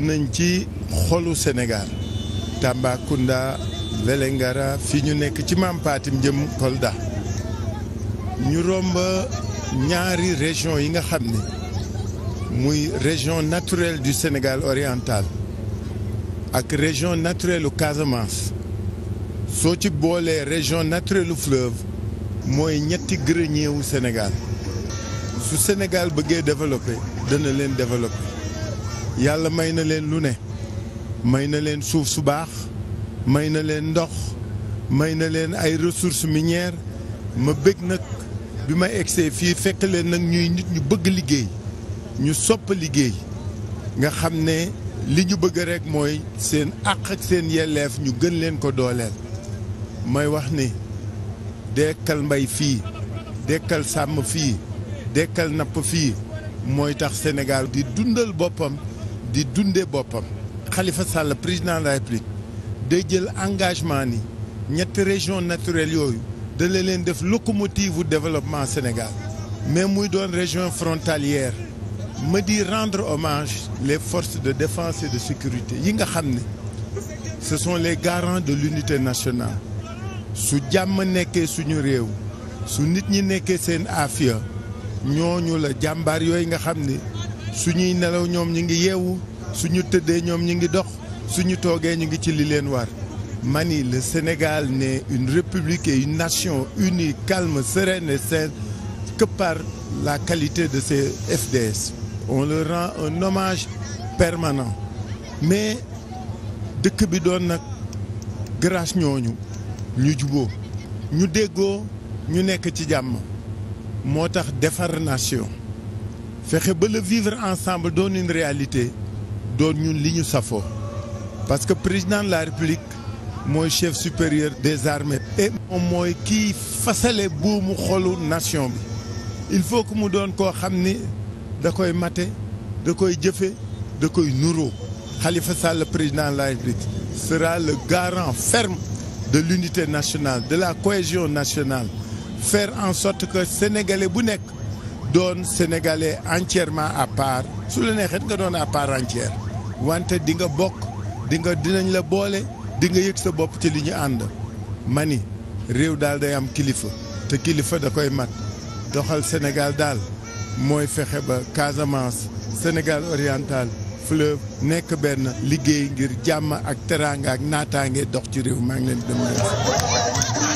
nañ ci xolu Sénégal Tambacounda Vélingara fi ñu nekk ci Maam Fatim jëm Kolda ñu romb ñaari région yi nga xam ni muy région naturel du Sénégal oriental ak région naturelu u soo ci boolee région naturelu u fleuve mooy ñetti grenier wu Sénégal su Sénégal bëggee développé dana leen développé yàlla may na leen lu ne may na leen suuf su baax may na leen ndox may na leen ay ressources minières ma bëgg nag bi ma egsee fii fekk leen nag ñuy nit ñu bëgg liggéey ñu sopp liggéey nga xam ne li ñu bëgg rekk mooy seen àq ak seen yelleef ñu gën leen ko dooleel may wax ni dekkal mbay fii dekkal sàmm fii dekkal napp fii mooy tax Sénégal di dundal boppam di dundee boppam xalifa Sall président la République day jël engagement ni ñetti région naturelle yooyu da leen def locomotive u développement Sénégal mais muy doon région frontalière ma di rendre hommage les force de défence et de sécurité yi nga xam ne ce sont les garants de l'unité nationale su jàmm nekkee suñu réew su nit ñi nekkee seen aafiya ñooñu la jàmbaar yooyu nga xam ne suñuy nelaw ñoom ñu ngi yeewu ñu tëddee ñoom ñu ngi dox su ñu toogee ñu ngi ci li leen war mani le Sénégal ne une république et une nation unie calme sereine et que par la qualité de ses FDS on leur rend un hommage permanent mais dëkk bi doon nag grâce ñooñu ñu juboo ñu déggoo ñu nekk ci jàmm moo tax defar nation fexe ba le vivre ensemble doon une réalité doon ñun li ñu safoo parce que président la république mooy chef supérieur des armées et moom mooy kii fasale buumu xolu nation bi il faut que mu doon koo xam ni da koy mate da koy jëfe da koy nuroo xalifa Sall président la République sera le garant ferme de l'unité nationale de la cohésion nationale faire en sorte que sénégalais bu nekk doon sénégalais entièrement à part su la neexee nga doon à part wante di nga bokk dinga dinañ la boole dinga nga yëg sa bopp ci li ñu ànd ma ni réew daal day am kilifa te kilifa da koy mat doxal senegal daal mooy fexe ba Casamance senegal oriental fleuve nekk benn liggéey ngir jàmm ak teraanga ak naataange dox ci réew maa ngi leen di